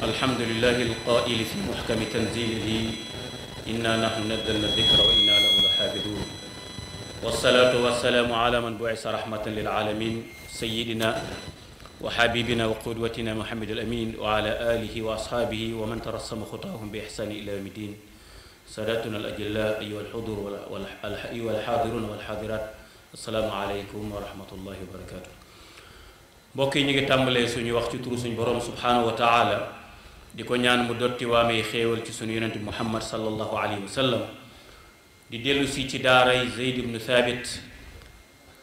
alhamdulilahi alqaili fi muxkami tanzilihi inna nahnu nazzalna dikra wa inna lahu la xaafidun wasalaatu wasalaamu ala man buisa rahmatan lilaalamin sayidina wa xabibina wa qudwatina muhammad al amin wa ala alihi wa ashaabihi wa man tarassama xutaahum bi ixsaani ila yawmi din sadatuna al ajilla ayuha alxudur ayuha alxaadiruna walxaadirat assalaamu aleykum wa rahmatullahi wa barakatuh mbokk yi ñu ngi tàmbalee suñu wax ci turu suñu borom subhanahu wa taala di ko ñaan mu dotti waamee xéewal ci sunu yonent muhammad sallallahu alayhi wa sallam di dellusi si ci daaray zeyd ibnu thabit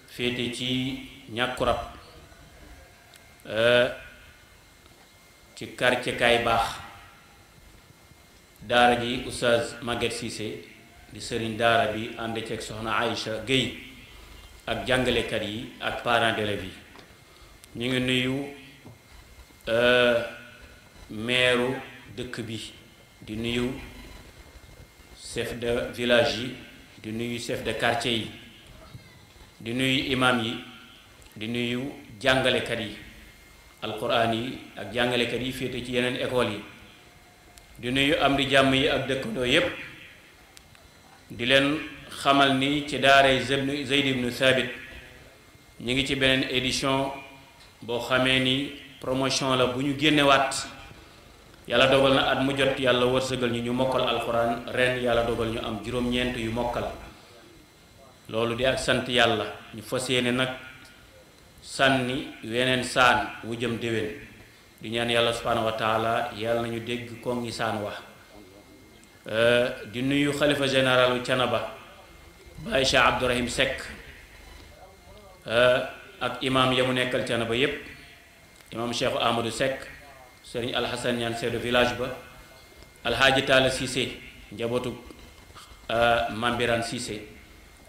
féete ci ñàkku rab euh, ci quartier baax daara ji oustaz Maguette Cissé di sëriñ daara bi ànd ceeg soxna Aïcha Guèye ak jàngalekat yi ak parents d'élèves yi ñu ngi nuyu euh, meeru dëkk bi di nuyu sef de village yi di nuyu chef de quartier yi di nuyu imam yi di nuyu jàngalekat yi alquran yi ak jàngalekat yi féete ci yeneen école yi di nuyu am di jàmm yi ak dëkkandoo yépp di leen xamal ni ci daaray Zayd ibnu Thabit ñu ngi ci beneen édition boo xamee ni promotion la bu ñu génnewaat yàlla dogal na at mu yàlla wërsëgal ñu ñu mokkal alxuraan ren yàlla dogal ñu am juróom-ñeent yu mokkal loolu di ak sant yàlla ñu fa yéene nag sànni weneen saan wu jëm déwén di ñaan yàlla subhaanahu wa taala yàlla nañu dégg ko ngi saan wax euh, di nuyu xalifa généralu Canaba Baye Cheikh Abdourahim Seck euh, ak imaam ya mu nekkal Canaba yépp imaam Cheikh Amadou Seck sëriñ alxasan ñaan seedu village ba alxaaji taala siise njabootu euh, mambiraan siise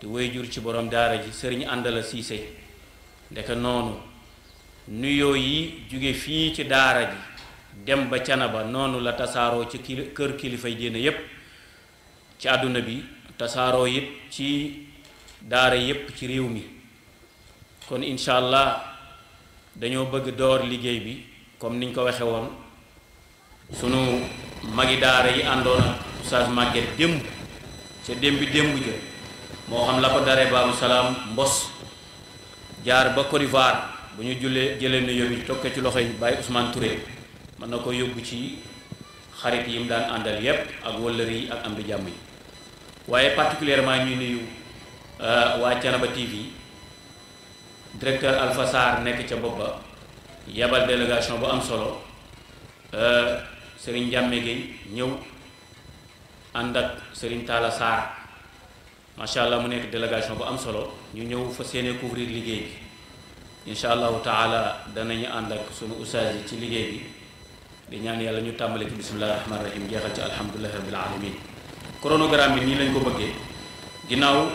te wéy jur ci borom daara ji sëriñ àndala siise ndeke noonu nuyoo yi jóge fii ci daara ji dem ba canaba noonu la tasaaroo ci kili kër kilifay diine yépp ci àdduna bi tasaaroo it ci daara yépp ci réew mi kon incha allah dañoo bëgg door liggéey bi comme niñ ko waxe woon sunu magi daara yi àndoon ak Oustaz Maguette démb ca démbi démb ja moo xam la ko daree Babou Salaam Mbos jaar ba Côte bu ñu jullee jëlee na yóbbi toog ci loxo yi bàyyi Ousmane Touré mën na ko yóbbu ci xarit yi mu daan àndal yépp ak wëllër yi ak am di jàmm yi waaye particulièrement ñu nuyu euh, waa Thiénaba TV directeur Alpha nekk ca bopp ba yabal délégation bu am solo sëriñ Njàmme gi ñëw ànd ak sëriñ Talla Sarr macha allah mu nekk délégation bu am solo ñu ñëw fa seen couvrir liggéey bi incha allahu taala danañu ànd ak sunu ustaas ci liggéey bi di ñaan yàlla ñu tàmbale ci bismillahi rahmaani rahim jeexal ci alhamdulilahi rabbil alamin chronogramme bi nii lañ ko bëggee ginnaaw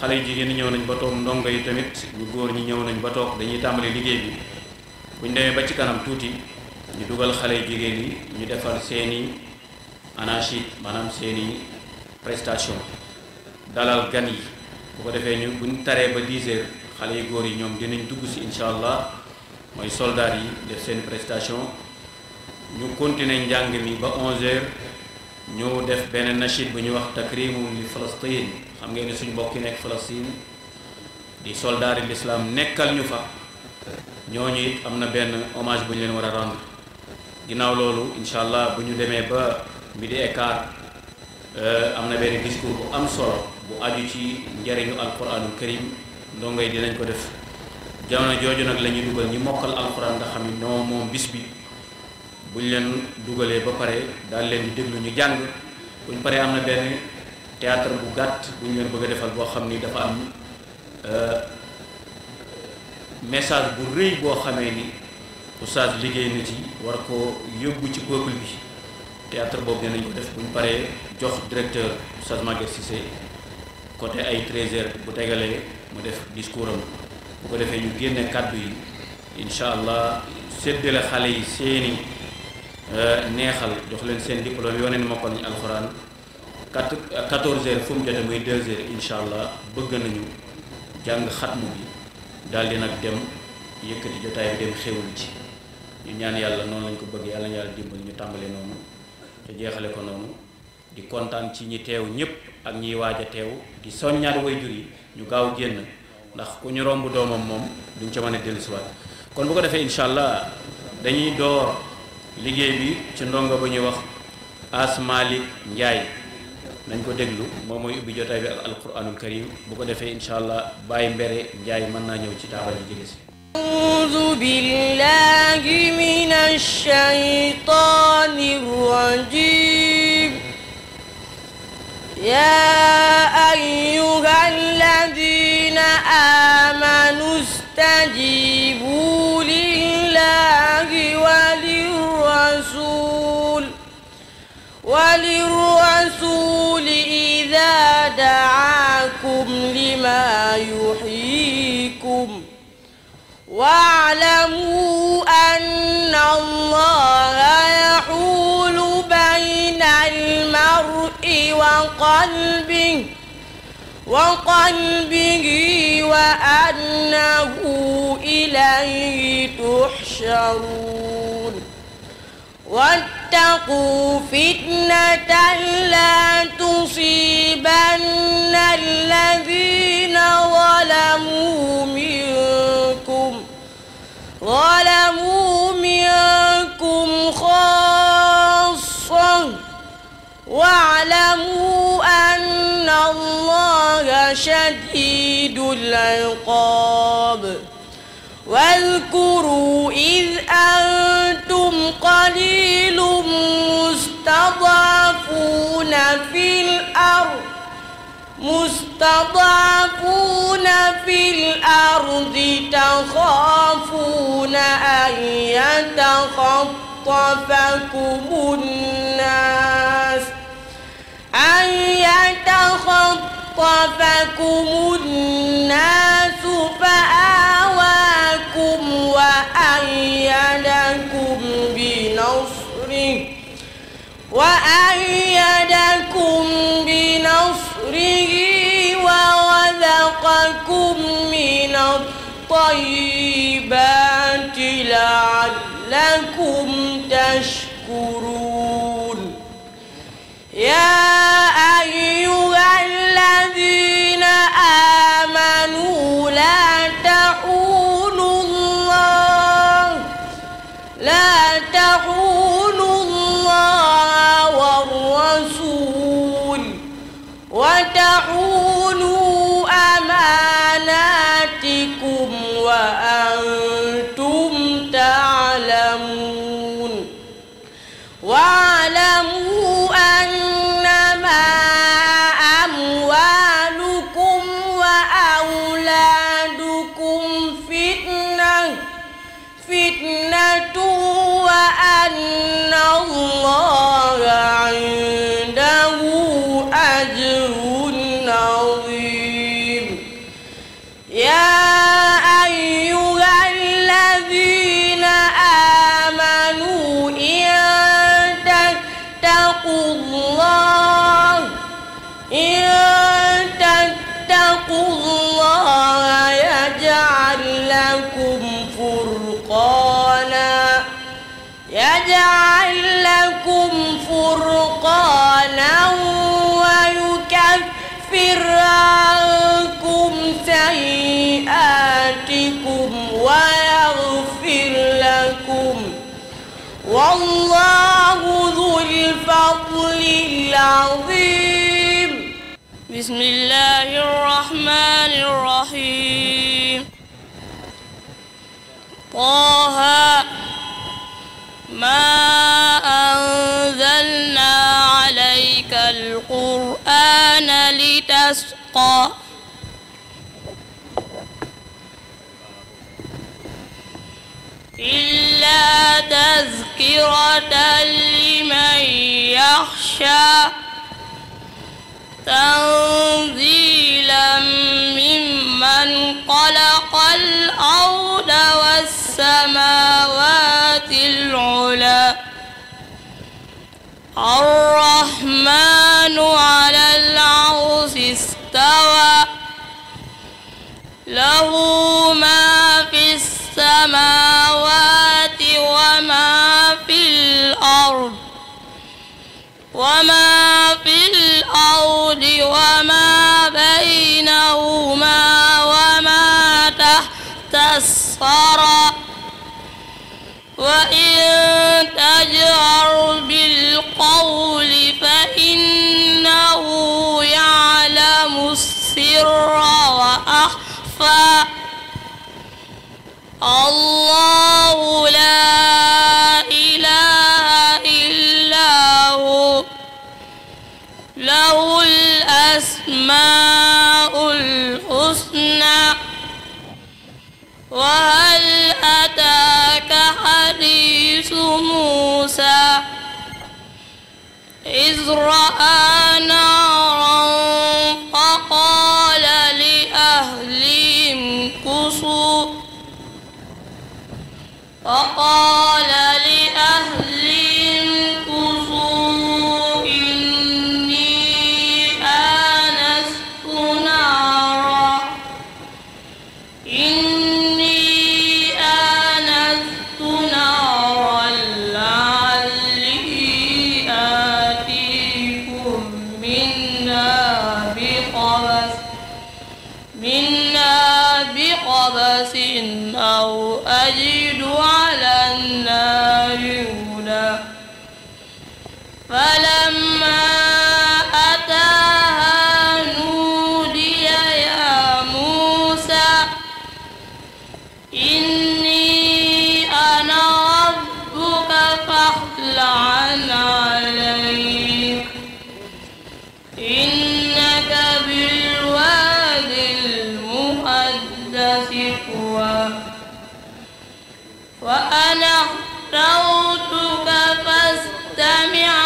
xale yu jigéen ñi ñëw nañ ba toog ndongo yi tamit ñu góor ñi ñëw nañ ba toog dañuy tàmbali liggéey bi buñ demee ba ci kanam tuuti ñu dugal xale jigéen yi ñu defar seeni anachid maanaam seeni prestation dalal gan yi bu ko defee ñu buñ taree ba 10 heures xale yu góor yi ñoom dinañ dugg si incha allah mooy soldat yi def seen prestation ñu continuer njàng mi ba 11 heures ñu def benn nachid bu ñuy wax takrimu li Falastin xam ngeen ne suñ mbokk yi nekk Falastin di soldat yi nekkal ñu fa ñooñu it am na benn hommage bu ñu leen war a rendre ginnaaw loolu incha allah bu ñu demee ba midi et quart euh, am na benn discours bu am solo bu aju ci njariñu alquranul karim ndongoy dinañ ko def jamono jooju nag la ñuy dugal ñi mokkal alquran nga xam ne ñoo moom bis bi bu ñu leen dugalee ba pare daal leen di déglu ñu jàng bu paree am na benn théâtre bu gàtt bu ñu leen bëgg a defal boo xam ni dafa am euh, message bu rëy boo xamee ni oustaz liggéey na ci war ko yóbbu ci peuple bi théâtre boobu nañ ko def bu ñu paree jox directeur oustaz Maguette Cissé côté ay 13 bu tegalee mu def discours am bu ko defee ñu génne kàddu yi incha allah séddale xale yi seeni euh, neexal jox leen seen diplôme yooneen mokkoon nañu alxuraan quatre quatorze heures fu mu jotee muy deux heures incha allah bëgg nañu jàng xatmu bi. daldi nag dem yëkkati jotaay bi dem xewlu ci ñu ñaan yàlla noonu lañ ko bëgg yàlla ñu yàlla dimbali ñu tàmbale noonu te jeexale ko noonu di kontaan ci ñi teew ñëpp ak ñiy waaj a teew di soññaat jur yi ñu gaaw génn ndax ku ñu romb doomam moom duñ ca mën a dellusiwaat kon bu ko defee incha allah dañuy door liggéey bi ci ndongo bu ñuy wax Asmalik Njaay nañ ko déglu moo mooy ubbi jotaay bi ak alquranul karim bu ko defee incha allah bàyyi mbere njaay mën naa ñëw ci taabal ji jege si أعوذ بالله من الشيطان الرجيم يا أيها الذين آمنوا استجيبوا لله وللرسول إذا دعاكم لما يحييكم واعلموا أن الله يحول بين المرء وقلبه وقلبه وأنه إليه تحشرون واتقوا فتنة لا تصيبن الذين ظلموا منكم ظلموا منكم خاصة واعلموا أن الله شديد العقاب واذكروا إذ أنتم قليل مستضعفون في الأرض مستضعفون في الأرض تخافون أن يتخطفكم الناس أن يتخطفكم الناس فآواكم وأيدكم بنصره وأيدكم بنصره ورزقكم من الطيبات لعلكم تشكرون العظيم بسم الله الرحمن الرحيم طه ما أنزلنا عليك القرآن لتشقى إلا تذكرة من يخشى تنزيلا ممن خلق الأرض والسماوات العلى الرحمن على العرش استوى له ما في السماوات وما في الأرض وما في الأرض وما بينهما وما تحت الثرى وإن تجهر بالقول فإنه يعلم السر وأخفى الله لا الأسماء الحسنى وهل أتاك حديث موسى إذ رأى نارا فقال لأهلهم كسوا فقال لأهلهم كسوا دعوتك فاستمع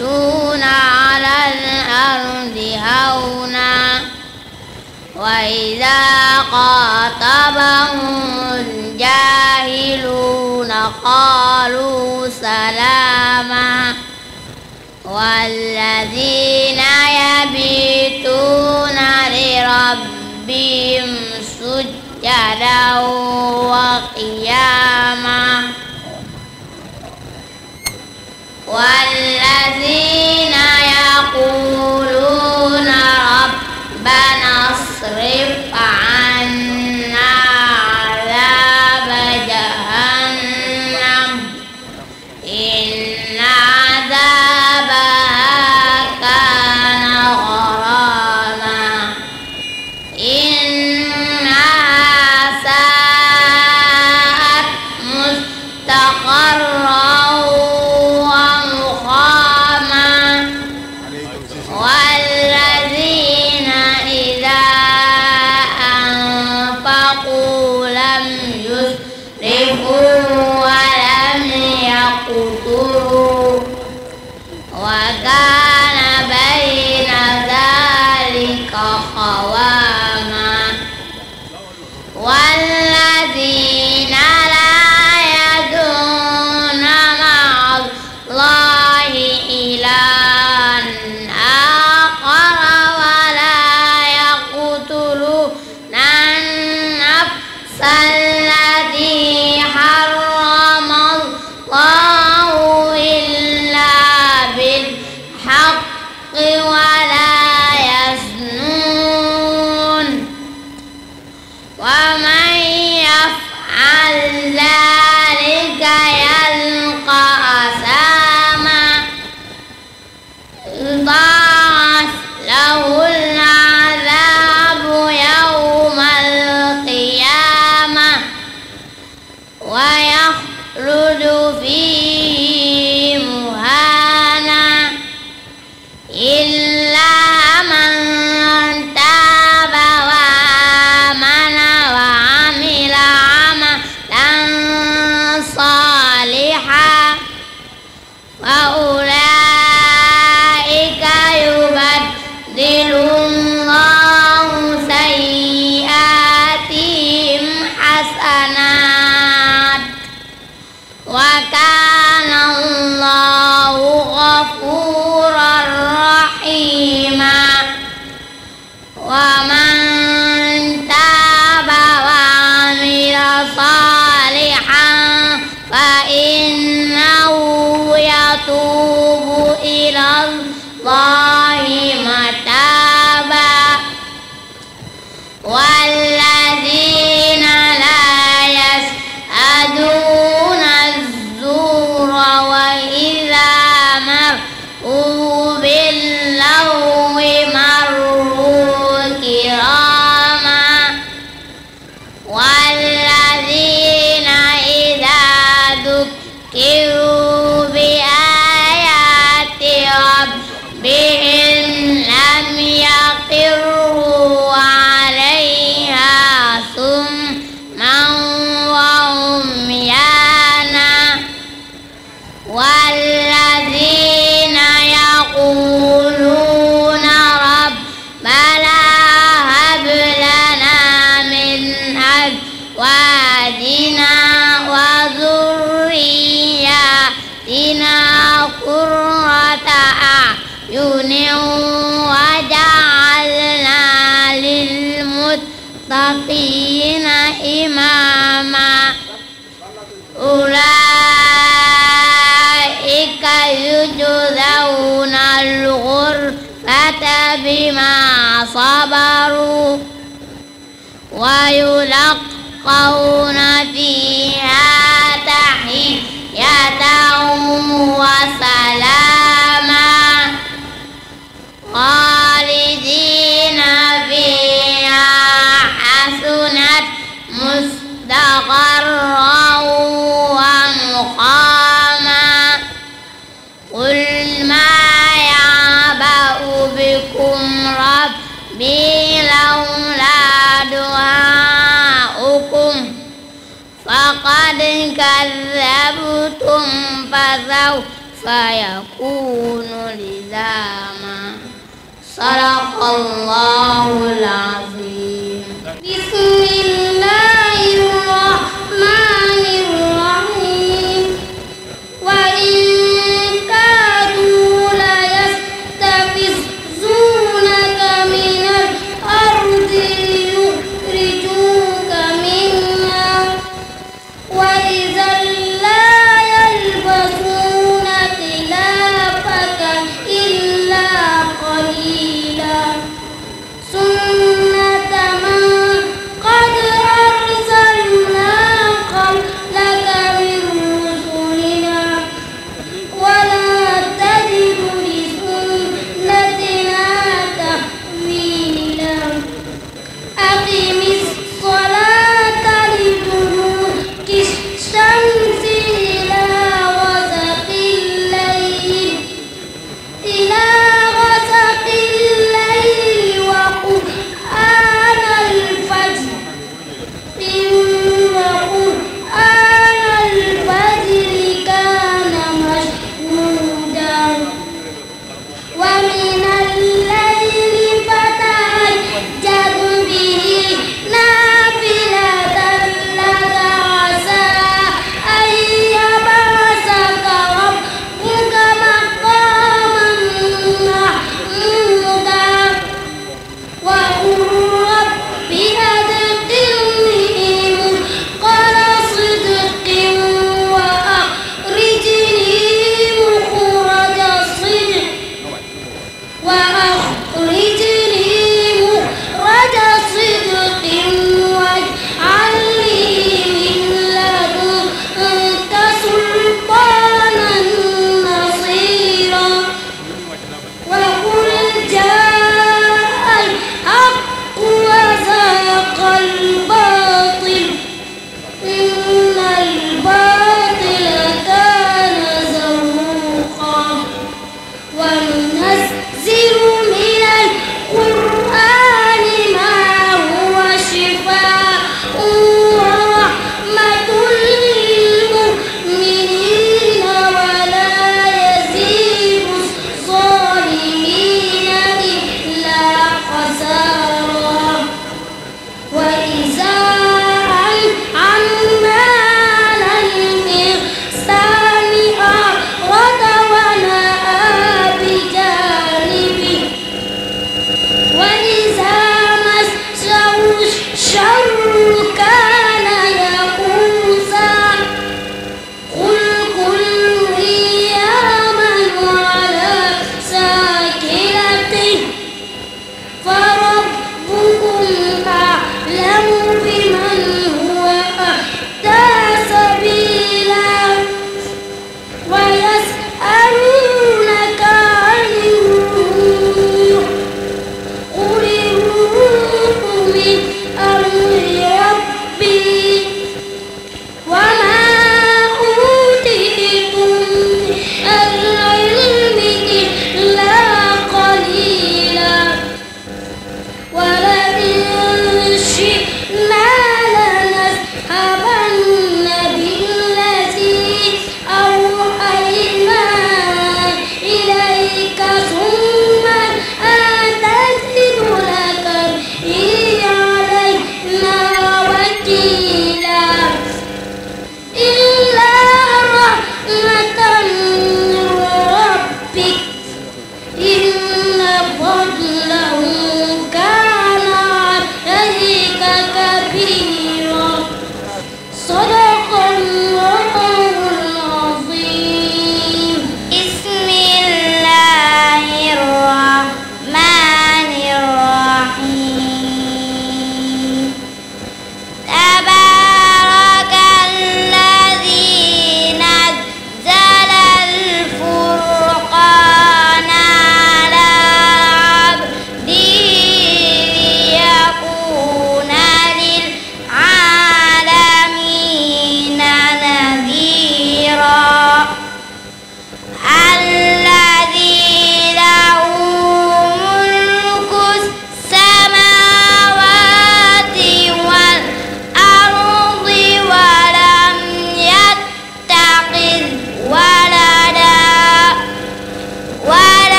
يمشون على الأرض هونا وإذا خاطبهم الجاهلون قالوا سلاما والذين يبيتون لربهم سجدا وقياما والذين يقولون ربنا اصرف عنا كذوا فيكون لزاما صدق الله العظيم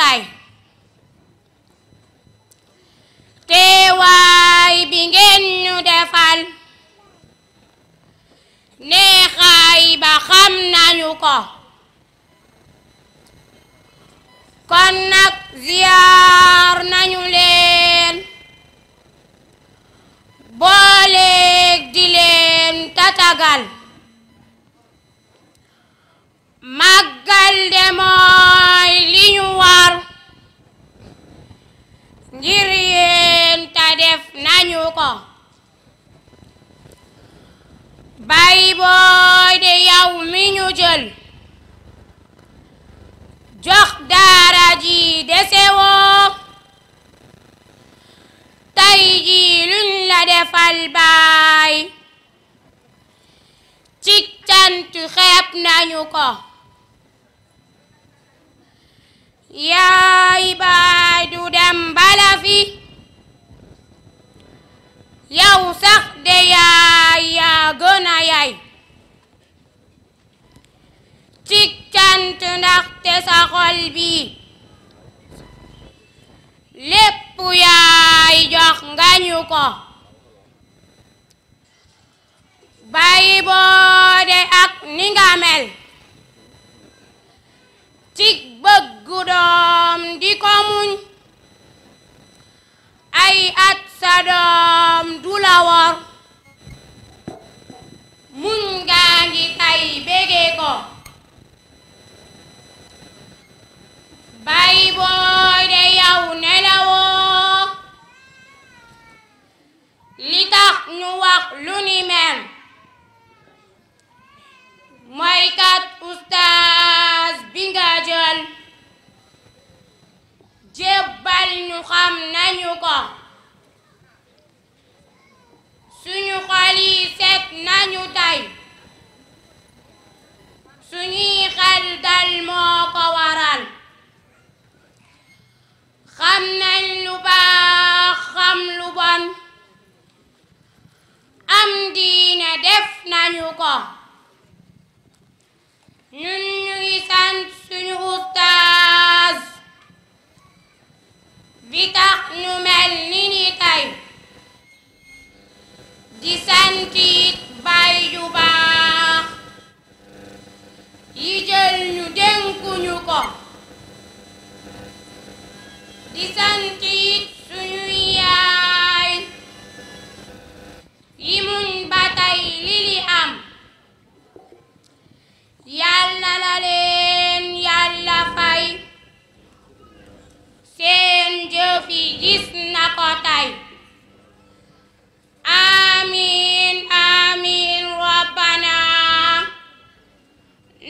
kaay teewaay bi ngeen ñu defal neexaay ba xam nañu ko kon nag ziyaar nañu leen booleeg di leen tatagal màggal de mooy li ñu ngir yéen te def nañu ko bay booy de yow mi ñu jël jox daara ji desewoo tey ji luñ defal baay ci cant nañu ko yaay baaju dem bala fi sax de yaay yaa gën yaay ci cant ndaxte sa xol bi lépp yaay jox nga ko bay boode ak ni ci bëggu doom di ko muñ ay at sa doom du la wor muñ ngaa ngi kay bége ko bay booy de yow nelawoo li tax ñu wax lu ni mel mooy kat ustaas bi nga jël jébbal ñu xam nañu ko suñu xol yi nañu tey suñuy xel dal moo ko waral xam nañ lu baax xam lu bon am diine def nañu ko ñun ñuy sant suñu ustaas bi tax ñu mel ni ni tay di sant yu baax yi jël ñu dénkuñu ko gis na ko tey amiin amiin rabbana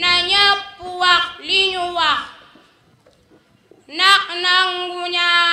na ñépp wax li ñu wax ndax nangu ñaa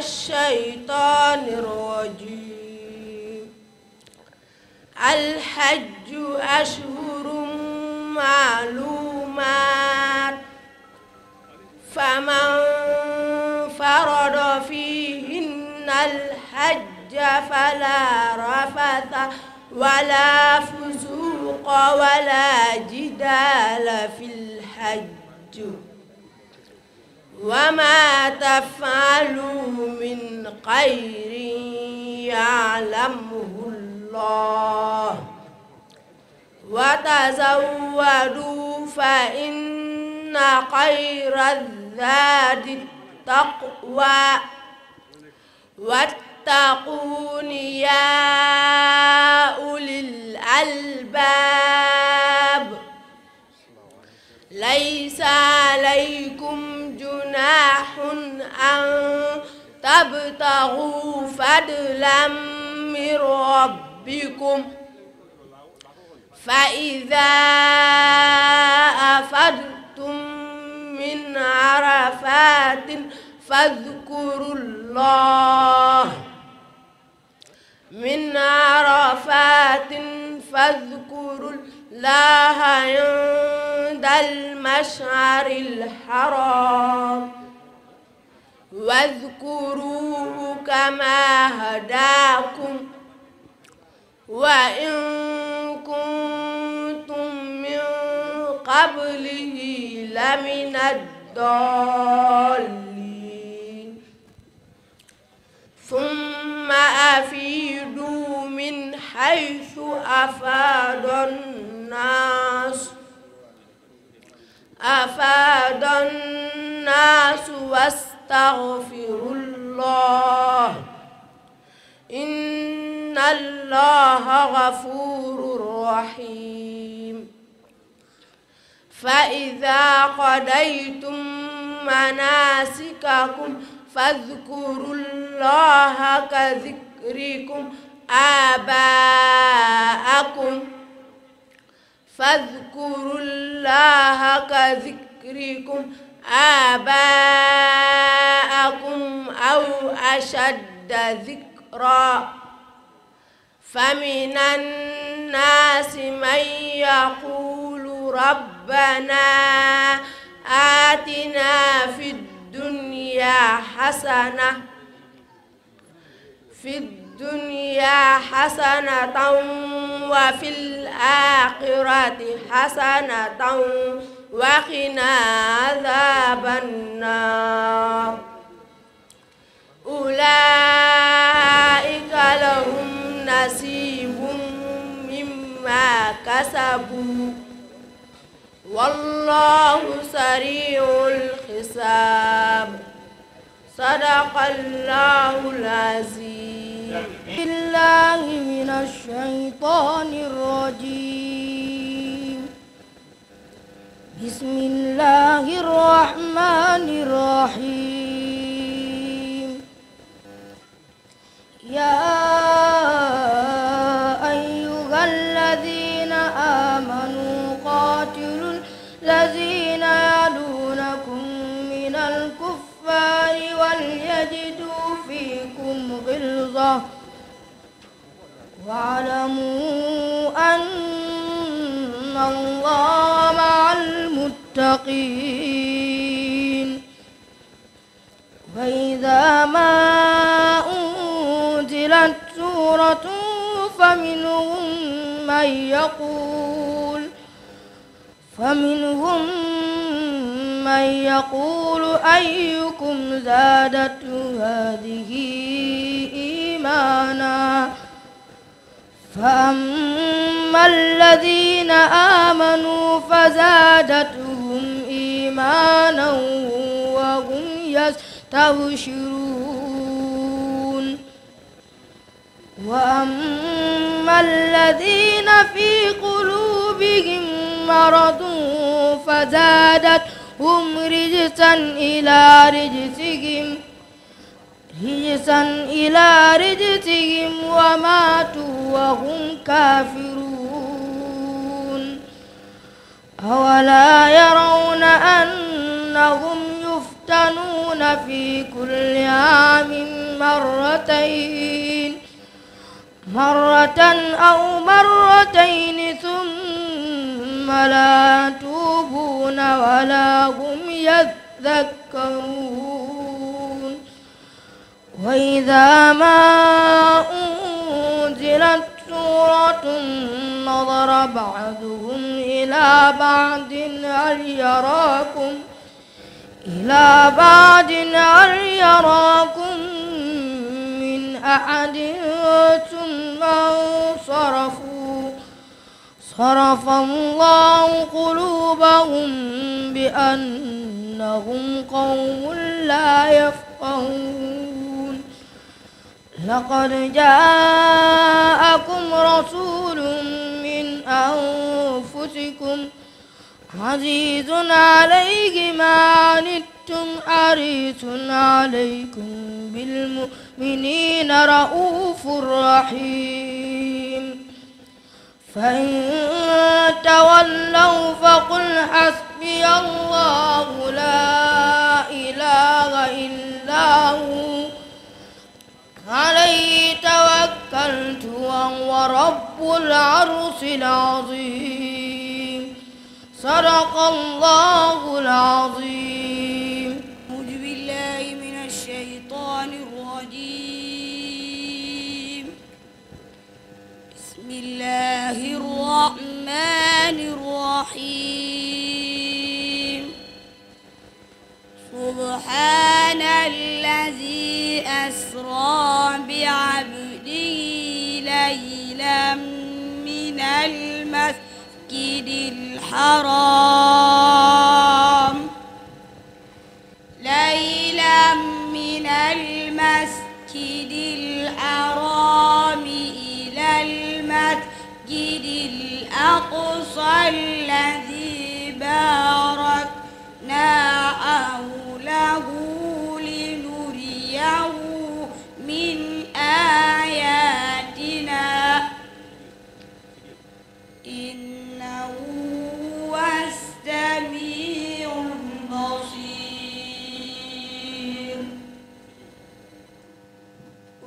الشيطان الرجيم الحج أشهر معلومات فمن فرض فيهن الحج فلا رفث ولا فسوق ولا جدال في الحج وما تفعلوا من خير يعلمه الله وتزودوا فإن خير الزاد التقوى واتقون يا أولي الألباب ليس عليكم جناح أن تبتغوا فضلا من ربكم فإذا أفضتم من عرفات فاذكروا الله من عرفات فاذكروا الله لها عند المشعر الحرام واذكروه كما هداكم وإن كنتم من قبله لمن الضالين ثم أفيدوا من حيث أفاد الناس الناس أفاد الناس واستغفروا الله إن الله غفور رحيم فإذا قضيتم مناسككم فاذكروا الله كذكركم آباءكم فاذكروا الله كذكركم آباءكم أو أشد ذكرا فمن الناس من يقول ربنا آتنا في الدنيا حسنة في الدنيا الدنيا حسنة وفي الآخرة حسنة وقنا عذاب النار أولئك لهم نصيب مما كسبوا والله سريع الحساب sadaqallaahul aziim billaahi minash shaytaanir rajiim bismillaahir rahmaanir rahiim yaa الذين يلونكم من الكفر الكفار وليجدوا فيكم غلظة واعلموا أن الله مع المتقين فإذا ما أنزلت سورة فمنهم من يقول فمنهم من يقول أيكم زادته هذه إيمانا فأما الذين آمنوا فزادتهم إيمانا وهم يستبشرون وأما الذين في قلوبهم مرض فزادتهم هم رجسا إلى رجسهم رجسا إلى رجسهم وماتوا وهم كافرون أولا يرون أنهم يفتنون في كل عام مرتين مرة أو مرتين ثم ثم لا يتوبون ولا هم يذكرون وإذا ما أنزلت سورة نظر بعضهم إلى بعض هل يراكم إلى بعض هل يراكم من أحد ثم انصرفوا صرف الله قلوبهم بأنهم قوم لا يفقهون لقد جاءكم رسول من أنفسكم عزيز عليه ما عنتم حريص عليكم بالمؤمنين رؤوف رحيم فإن تولوا فقل حسبي الله لا إله إلا هو عليه توكلت وهو رب العرش العظيم صدق الله العظيم الله الرحمن الرحيم سبحان الذي أسرى بعبده ليلا من المسجد الحرام ليلا من المسجد الحرام المسجد الأقصى الذي باركنا حوله لنريه من آياتنا إنه هو السميع البصير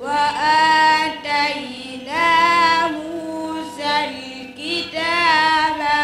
وآتيناه كتابا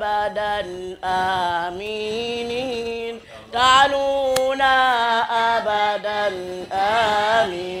آمين تعلونا أبدا آمين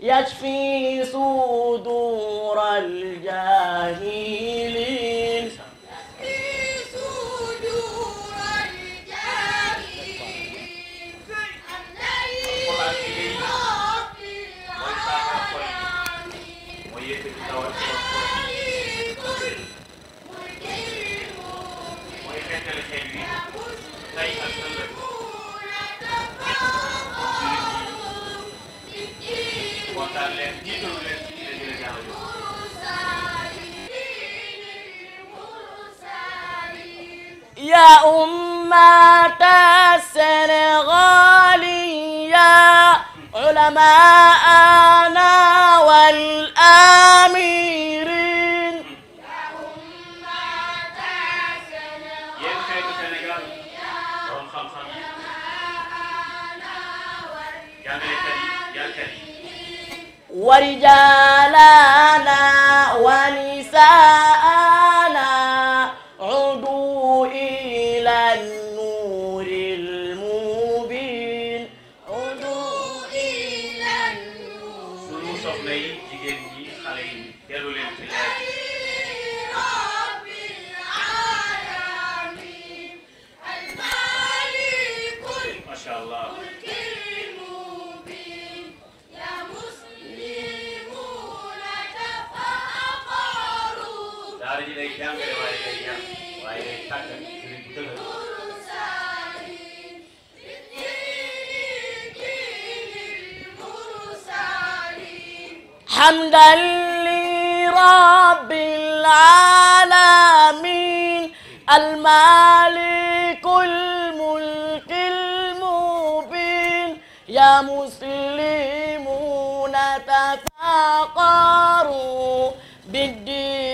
يشفي صدور الجاهلين يا أمة السنغال يا علماءنا والآمرين يا أمة السنغال يا علماءنا والآمرين ورجالنا حمدا لرب العالمين المالك الملك المبين يا مسلمون تفاقروا بالدين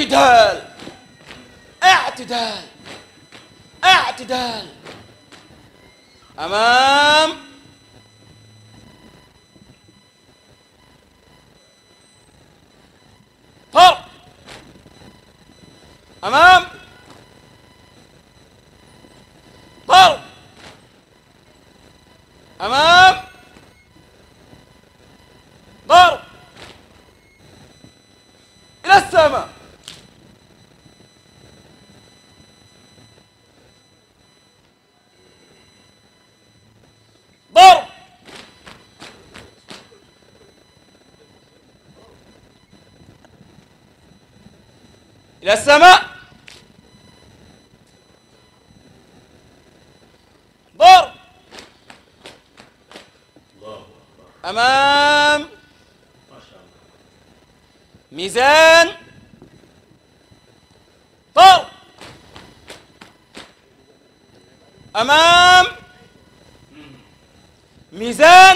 اعتدال اعتدال اعتدال أمام طرب أمام طرب أمام ضرب إلى السماء Dóor ila sama Dóor amaam mizaan Dóor amaam Cissé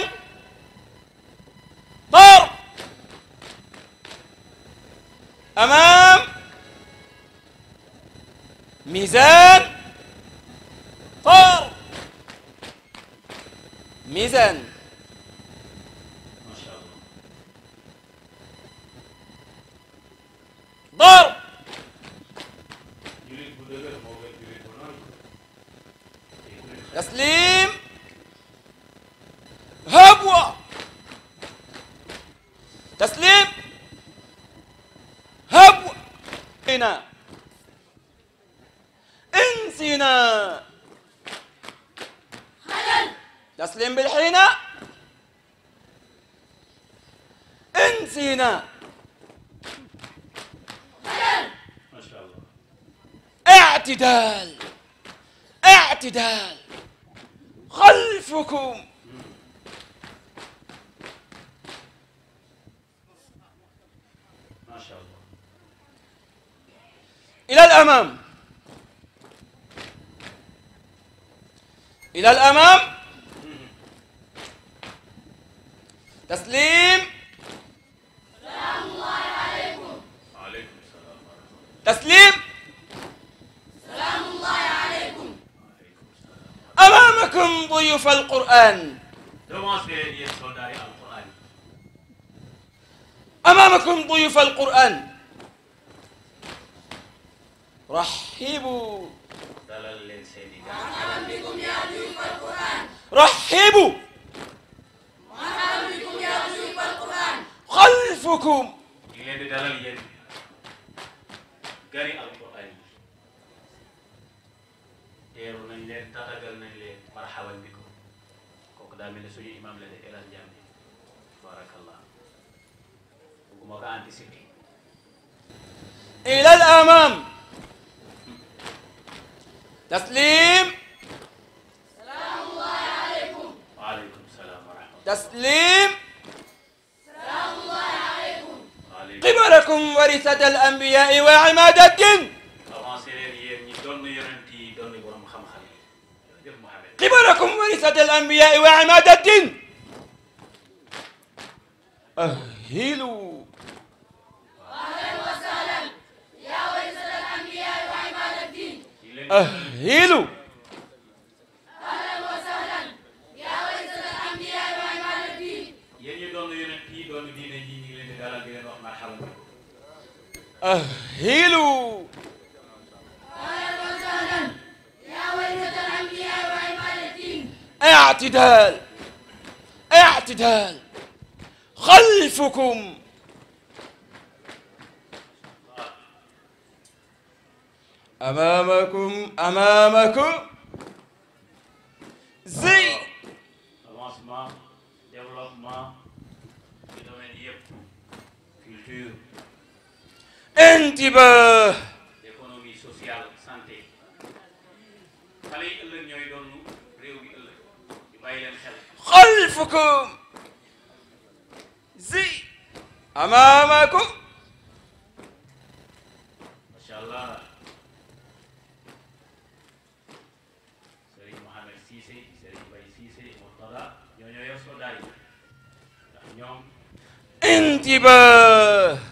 ila al amam annakum warisata al anbiyai wa imadatin kibarakum warisata al anbiyai wa imadatin ahilu أهلوا أهلوا أهلا وسهلا يا ويلة الأنبياء وعبادتهم اعتدال اعتدال خلفكم أمامكم أمامكم زي avancement développement du domaine yëpp culture انتباه économie sociale santé xale yi ëllëg ñooy doon réew mi ëllëg ñu bàyyi leen xel خلفكم زي أمامكم ما شاء الله Serigne Mohamed Cissé Serigne Baye Cissé Mourtada ñoo ñoo yor soldat yi ndax ñoom انتباه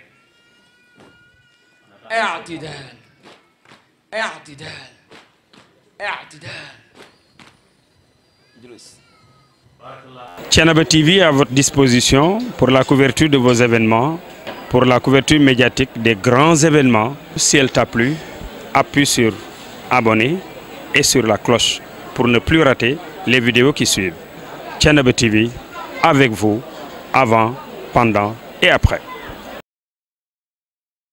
اعتدال اعتدال اعتدال جلوس TV à votre disposition pour la couverture de vos événements, pour la couverture médiatique des grands événements. Si elle t'a plu, appuie sur abonner et sur la cloche pour ne plus rater les vidéos qui suivent. Thiénaba TV, avec vous, avant, pendant et après.